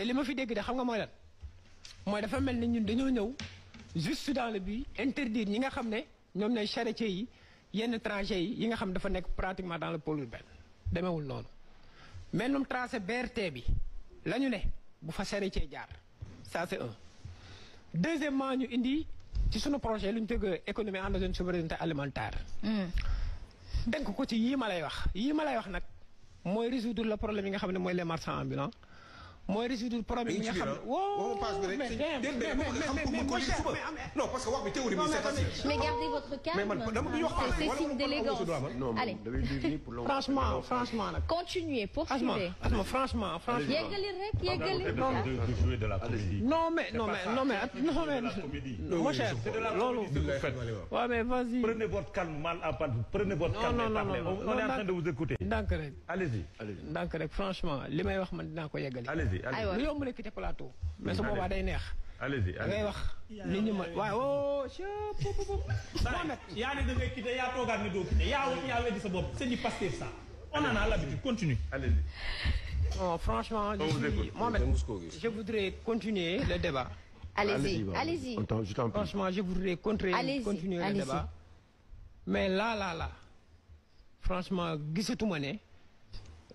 te li ma fi dégg de xam nga mooy lan mooy dafa mel ni ñun dañoo ñëw juste dans le but interdire ñi nga xam ne ñoom ñooy charretiers yi yenn tranchées yi yi nga xam dafa nekk pratiquement dans le pôle urbain demewul non mais ñoom tracé BRT bi la ñu ne bu fa charretier jaar ça c'est un deuxièmement ñu indi ci sunu projet lu ñu économie en zone souveraineté alimentaire hmm. dénk ko ci yii ma lay wax yii ma lay wax nag mooy résoudre le problème yi nga xam ne les marchands ambulants moi résoudre problème mais gardez votre calme. allez franchement franchement continuez poursuivez. franchement franchement. non mais non mais non mais non mais. mon cher mais vas-y. prenez votre calme mal à prenez votre calme. non non non on est en train de vous écouter. allez-y. D'accord. franchement les allez-y allez-y y lu yomb nekk ca plateau. mais su boobaa day neex. allez-y allez-y ngay wax. nit ñi ma waaw. oh yaa ne da ngay quitté yaa toogaat ni doo quitté yaa wax yaa weddi sa bopp señu du ça on en a l'habitude continue. allez-y. franchement. je suis Mohamed je voudrais continuer le débat. allez-y allez-y je t'en prie. franchement je voudrais continuer continuer le débat. mais là là là franchement gisatuma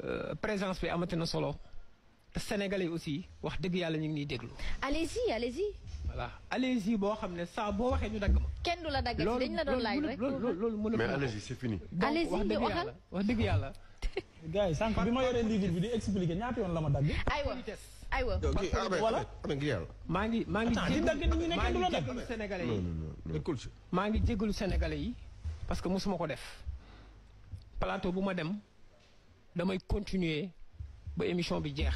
euh, présence bi amati na solo te sénégalais aussi wax deug yalla ñu ngi ñuy déglu. allez-y allez-y. voilà allez-y bo xamné ça bo waxé ñu dagg ma. kenn dula dagg ci dañ la doon laaj rek loolu loolu mënul mais allez-y c'est fini. allez-y wax dëgg yàlla wax deug yalla gars sank bima yoré ma livre bi di expliquer ñaata yoon la ma dagg. aywa aywa voilà. maa ngi maa ngi jégalu dagg nit ñi ne kenn du la dagg maa ngi jégalu sénégalais yi. maa ngi jégalu sénégalais yi parce que musuma ko def plateau bu ma dem damay continuer ba émission bi jeex.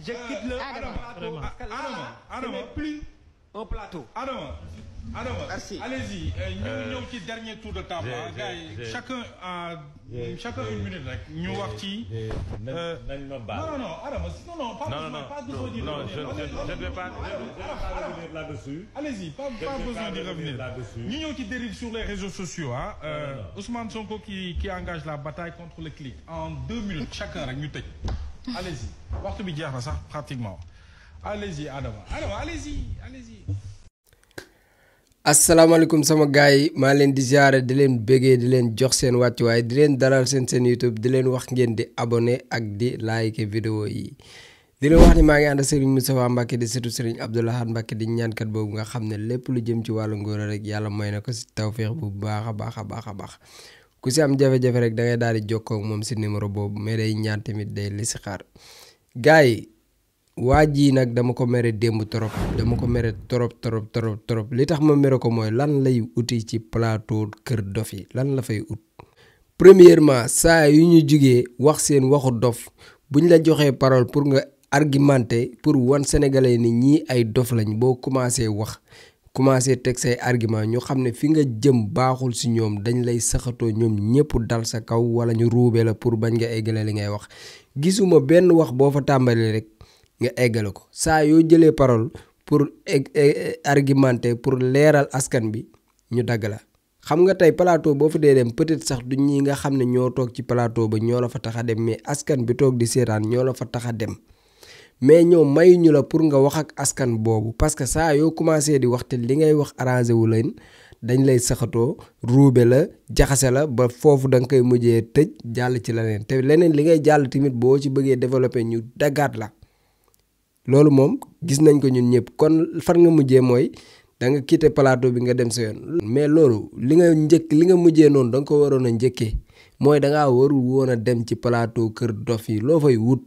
je quitte le ah, plateau. Je plus au plateau. Allez-y. Euh, euh, dernier tour de table. Ah, chacun une minute. Nous euh, Non, non, non. pas Je ne pas revenir là-dessus. Allez-y. Pas besoin d'y revenir. Nous qui dérive sur les réseaux sociaux. Ah, Ousmane Sonko qui engage la bataille contre le clic. En deux minutes, chacun, allez-y waxtu sax pratiquement allez-y Adama sama gars yi maa leen di ziare di leen bëggee di leen jox seen wàccuwaay di leen dalal seen seen YouTube di leen wax ngeen di abone ak di like vidéo yi. di leen wax ni maa ngi ànd Serigne Moustapha Mbacke di setu Serigne Abdou Lahad Mbacke di ñaankat boobu nga xam ne lépp lu jëm ci wàllu ngóor rek yàlla may na ko si tawféex bu baax a baax a baax a baax. ku si am jafe-jafe rek da ngay daal di jokkoo ak moom si numéro boobu mais day ñaan tamit day listixaar gars yi waa jii nag dama ko mere démb trop dama ko mere trop trop trop trop li tax ma mere ko mooy lan lay uti ci plateau Kër Dof yi lan la fay ut. premièrement saa yu ñu jugee wax seen waxu dof buñ la joxee parole pour nga argumenter pour wan sénégalais ni ñii ay dof lañ boo commencé wax. commencé teg say argument ñu xam fi nga jëm baaxul ci ñoom dañ lay saxato ñoom ñepp dal sa kaw wala ñu roubé la pour bañ nga égalé li ngay wax gisuma benn wax bo fa tambalé rek nga égalé ko sa yo jëlé parole pour e, e, argumenter pour léral askan bi ñu dagg la xam nga tay plateau bo fa dé dem peut-être sax du ñi nga xam ñoo ci plateau ba ñoo la fa taxa dem mais askan bi tok di sétane ñoo la fa taxa dem mais ñoom ñu la pour nga wax ak askan boobu parce que saa yoo commencé di waxte li ngay wax arrangé wu leen dañ lay saxatoo ruube la jaxase la ba foofu da nga koy mujjee tëj jàll ci leneen te leneen li ngay jàll timit boo ci bëggee développé ñu la loolu moom gis nañ ko ñun ñëpp kon fan nga mujjee mooy da nga quitter plateau bi nga dem sa yoon mais loolu li nga njëkk li nga mujjee noonu da nga ko waroon a njëkkee mooy da nga warul woon dem ci plateau kër dof yi loo fay wut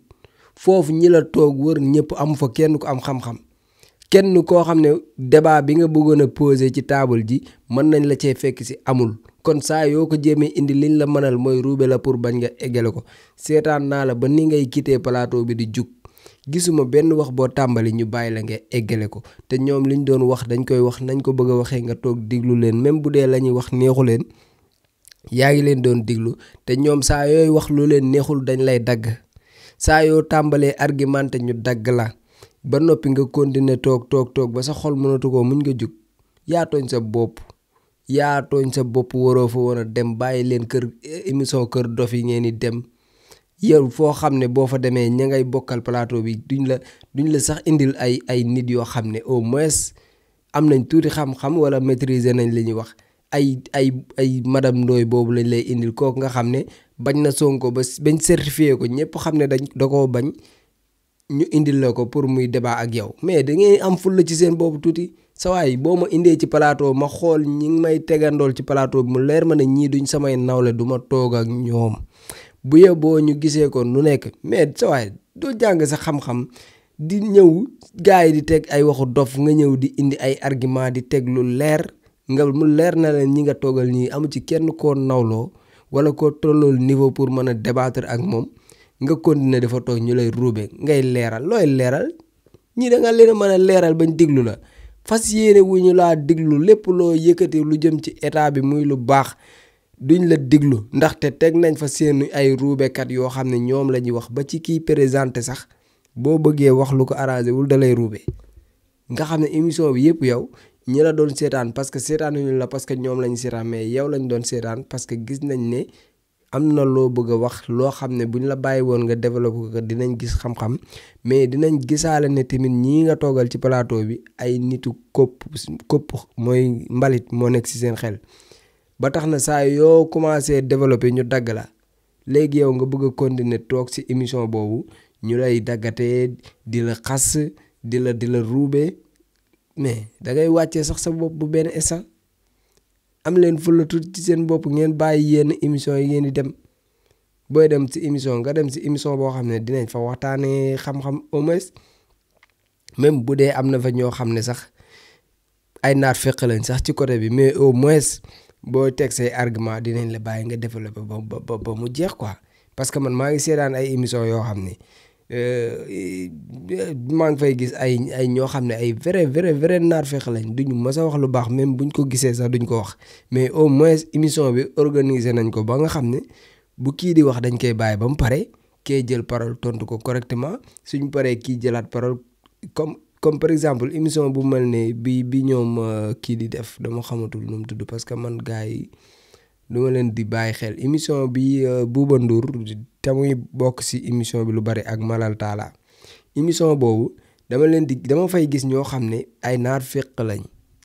foofu ñi la toog wër ñëpp amu fa kenn ku am xam kenn koo xam ne débat bi nga bëggoon a posé ci taabal ji mën nañ la cee fekk si amul kon saa yoo ko jéemee indi liñ la mënal mooy ruube la pour bañ nga eggale ko seetaan naa la ba ni ngay quitté plateau bi di jug gisuma benn wax boo tàmbali ñu bàyyi la nga eggale ko te ñoom liñ doon wax dañ koy wax nañ ko bëgg a waxee nga toog diglu leen même bu dee lañuy wax neexu leen yaa ngi leen doon diglu te ñoom saa yooyu wax lu leen neexul dañ lay dagg saa yoo tàmbalee argumenté ñu dagg la ba noppi nga continuer toog toog toog ba sa xol mënatu ko muñ nga jug yaa tooñ sa bopp yaa tooñ sa bopp waroo fa woon a dem bàyyi leen kër émission kër dof yi ngeen di dem yow foo xam ne boo fa demee ña ngay bokkal palaato bi duñ la duñ la sax indil ay ay nit yoo xam ne au moins am nañ tuuti xam-xam wala maîtriser nañ li ñuy wax ay ay ay madame ndooy boobu lañ lay indil kooku nga xam ne bañ na ko ba bañ certifié ko ñëpp xam ne dañ da koo bañ ñu indi la ko pour muy débat ak yow mais da ngeen am fulla ci seen boobu tuuti sa waay boo ma indee ci palaatoo ma xool ñi ngi may tegandool ci palaatoo bi mu leer ma ne ñii duñ samay nawle du ma toog ak ñoom bu yeboo ñu gisee ko nu nekk mais sa doo jàng sa xam di ñëw gars yi di teg ay waxu dof nga ñëw di indi ay argument di teg leer nga leer na leen ñi nga toogal ñii amu ci kenn koo nawloo wala ko tollool niveau pour mën a débattre ak moom nga kon continuer dafa toog ñu lay ruube ngay leeral looy leeral ñi da nga leen a mën a leeral bañ diglu la fas yéene wu ñu laa diglu lépp loo yëkkati lu jëm ci état bi muy lu baax duñ la diglu ndaxte teg nañ fa seen ay ruubekat yoo xam ne ñoom la ñuy wax ba ci kii présenté sax boo bëggee wax lu ko arrangé wul da lay ruube nga xam ne émission bi yëpp yow ñi la doon seetaan parce que ñu la parce que ñoom lañ seetaan mais yow lañ doon seetaan parce que gis nañ ne am na loo bëgg a wax loo xam ne buñ la bàyyi woon nga développé ko dinañ gis xam-xam mais dinañ gisaale ne tamit ñii nga toogal ci plateau bi ay nitu kopp kopp mooy mbalit moo nekk ci seen xel ba tax na saa yoo commencé développé ñu dagg la léegi yow nga bëgg a continuer toog ci émission boobu ñu lay daggatee di la xas di la di la ruube mais da ngay wàccee sax sa bopp bu benn instant am leen fulla tuuti ci seen bopp ngeen bàyyi yenn émission yi ngeen di dem booy dem ci émission nga dem si émission boo xam ne dinañ fa waxtaanee xam-xam au moins même bu dee am na fa ñoo xam ne sax ay naat fekk lañ sax ci côté bi mais au moins boo teg say argument dinañ la bàyyi nga développé ba ba ba mu jeex quoi parce que man maa ngi seedaan ay émission yoo xam ne. Euh, euh, maa ngi fay gis ay ay ñoo xam ne ay vrai vrai vrai naar fex lañ duñu mës a wax lu baax même buñ ko gisee sax duñ ko wax mais au moins émission bi organiser nañ ko ba nga xam ne bu kii di wax dañ koy bàyyi ba mu pare kee jël parole tontu ko correctement suñ paree kii jëlaat parole comme comme par exemple émission bu mel ne bi bi ñoom euh, kii di def dama xamatul nu mu tudd parce que man gars yi du ma leen di bàyyi xel émission bi euh, Bouba Ndour te muy bokk si émission bi lu bari ak Malal Talla émission boobu dama leen di dama fay gis ñoo xam ne ay naar féq lañ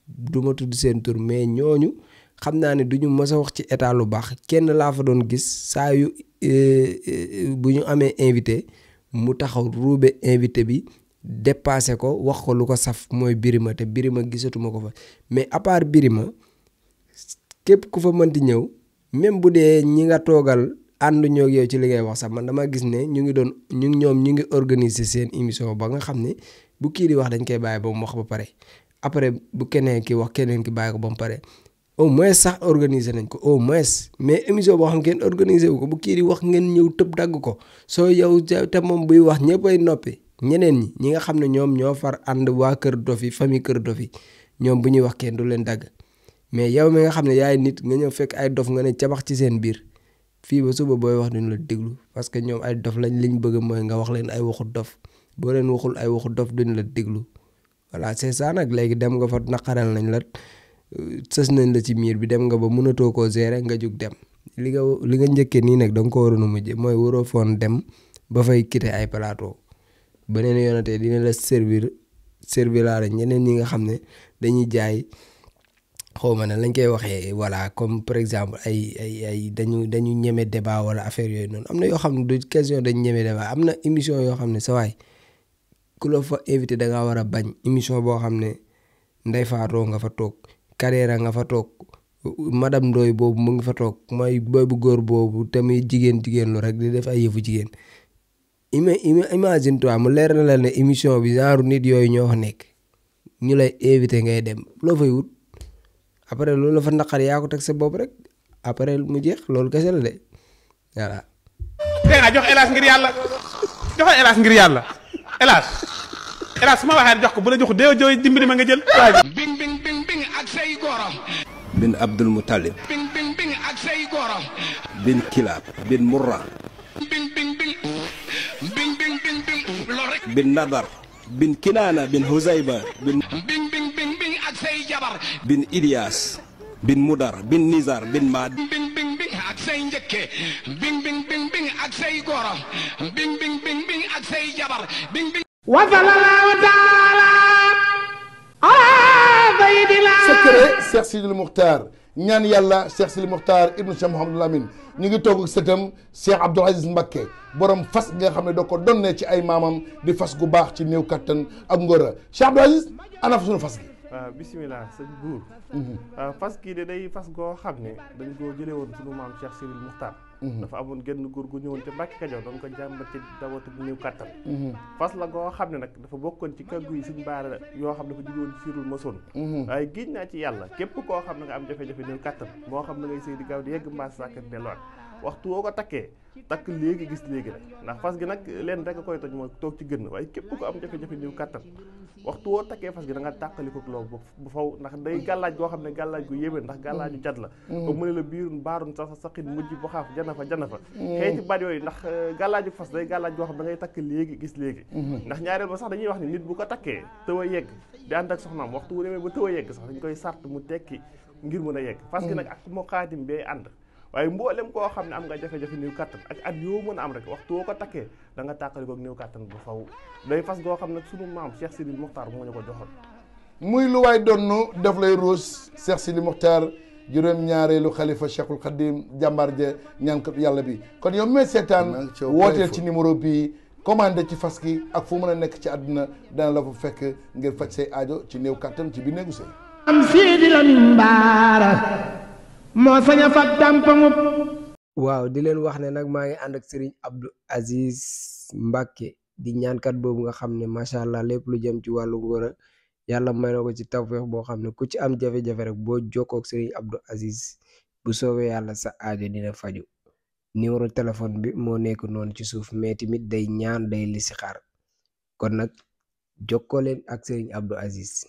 duma tudd seen tur mais ñooñu xam naa ne duñu mës a wax ci état lu baax kenn laa fa doon gis saa yu euh, euh, bu ñu amee invité mu taxaw ruube invité bi dépassé ko wax ko lu ko saf mooy birima te ma gisatuma ko fa mais à biri ma képp ku fa mënti ñëw même bu dee ñi nga toogal ànduñoo ak yow ci li ngay wax sax man dama gis ne ñu ngi doon ñu ñoom ñu ngi organiser seen émission ba nga xam ne bu kii di wax dañ koy bàyyi ba mu wax ba pare après bu keneen ki wax keneen ki bàyyi ba mu pare au moins sax organiser nañ ko au moins mais émission boo xam ngeen organiser wu ko bu kii di wax ngeen ñëw tëb dagg ko soo yow te moom buy wax ñëppay noppi ñeneen ñi ñi nga xam ne ñoom ñoo far ànd waa Kër Dof yi famille Kër Dof ñoom bu ñuy wax kenn du leen dagg. mais yow mi nga xam ne yaay nit nga ñëw fekk ay dof nga ne cabax ci seen biir fii ba suba booy wax duñu la déglu parce que ñoom ay dof lañ liñ bëgg mooy nga wax leen ay waxu dof boo leen waxul ay waxu dof duñu la déglu voilà c'est ça nag léegi dem nga fa naqaral nañ la sës nañ la ci miir bi dem nga ba mënatoo koo gérer nga jug dem li nga li nga njëkkee nii nag da ko waroon a mujjee mooy waroo foon dem ba fay quitté ay plateau beneen yoonatee dina la servir servir laa ñeneen ñi nga xam ne dañuy jaay. xawma ma na lañ koy waxee voilà comme par exemple ay ay ay dañu dañu ñeme debaa wala affaire yooyu noonu am na yoo xam ne du question dañu ñeme débat am na émission yoo xam ne sa waay ku la fa invité da ngaa war a bañ émission boo xam ne nday faatoo nga fa toog Carrère nga fa toog madam ndooy boobu mu ngi fa toog mooy boy bu góor boobu tamit jigéen jigéen lu rek di def ay yëfu jigéen ima imagine toi mu leer na la ne émission bi genre nit yooyu ñoo fa nekk ñu lay invité ngay dem loo wut. après loolu la fa naqar yaa ko teg sa bopp rek après mu jeex loolu kese la de voilà. dégg jox hélas ngir yàlla joxe hélas ngir ma waxee jox ko bu la jox dee jooy dimbali ma nga jël. bing bing bing ak say góoram. bin Abdul Muttalib. bing bing ak say góoram. bin Kilaab. bin Murra. bin bin bin bin bin loolu rek. bin Ilias bin Mudar bin Nizar bin Maad. bing bing bing ak say njëkke bing bing ak say goro bing bing ak say jabar bing bing. wa ñaan yàlla Cheikh Sidil Mukhtar ibnu Cheikh Mouhamadul Amin ñu ngi toog ak sëtam Cheikh Abdoul Aziz Mbacké borom fas gi nga xam ne doo ko donnee ci ay maamam di fas gu baax ci néew kattan ak ngóora Cheikh Abdoul Aziz ana fa fas waaw euh, bisimilah sëñ buur mhm. euh, fas kii de day fas goo xam ne dañ koo jële woon ci sunu maam Cheikh Siril Muxtaar mhm. dafa amoon génn góor gu ñëwoon ca Mbàkke Kajoor doon ko jàmbat ci dawatu bu néew kàttan mhm. fas la goo xam ne nag dafa bokkoon ci kaggu yi suñ baara yoo xam dafa jugoon firul ma son waaye giñ naa ci yàlla képp koo xam ne nga am jafe-jafe néew kàttan moo xam ne ngay sëy di gaaw di yegg mbaas sàkkat delluwaat waxtu woo ko takkee takk léegi gis léegi rek ndax fas gi nag leen rek a koy toj mooy toog ci gën waaye képp ko am jafe-jafe niw kàttan waxtu woo takkee fas gi da nga tàqali ko loolu bu faw ndax day gàllaaj goo xam ne gàllaaj gu yéeme ndax gàllaaju jat la mm. ba mu ne la biirun baarun sa sa saqin mujj jana fa jana fa mm. xëy ci baat ndax euh, gàllaaju fas day gàllaaj goo xam da ngay takk léegi gis léegi mm-hmm. ndax ñaareel ba sax dañuy wax ne nit bu ko takkee tëw a yegg di ànd ak soxnaam waxtu wu demee ba tëw a yegg sax dañ koy sart mu tekki ngir mën a yegg mm. fas gi nag ak moo xaatim ànd waaye mboolem koo xam ne am nga jafe-jafe néew kattan ak at yoo mën a am rek waxtu woo ko takkee da nga tàqali ko néew kattan bu faw day fas goo xam ne sunu maam Cheikh Sidi Mokhtar moo ñu ko joxoon muy lu waay donnu daf lay ruus Cheikh Sidi Mokhtar juróom ñaareelu xalifa Cheikhul Khadim jàmbaar ja ñaankat yàlla bi kon yow mee seetaan wooteel ci numéro bii commandé ci fas gi ak foo mën a nekk ci àdduna dana la fa fekk ngir faj say aajo ci néew kattan ci bi néegu sëy am siidi la min baara moo sañ a fag tàmpaŋub waaw di leen wax ne nag maa ngi ànd ak Serigne Abdou Aziz Mbacke di ñaankat boobu nga xam ne macha allah lépp lu jëm ci wàllu ngóora yàlla may ko ci tawféex boo xam ne ku ci am jafe-jafe rek boo jokkoo ak Serigne Abdou bu soowee yàlla sa aajo dina faju numéro téléphone bi moo nekk noonu ci suuf mais mit day ñaan day listixaar kon nag jokkoo leen ak Serigne Abdou Aziz.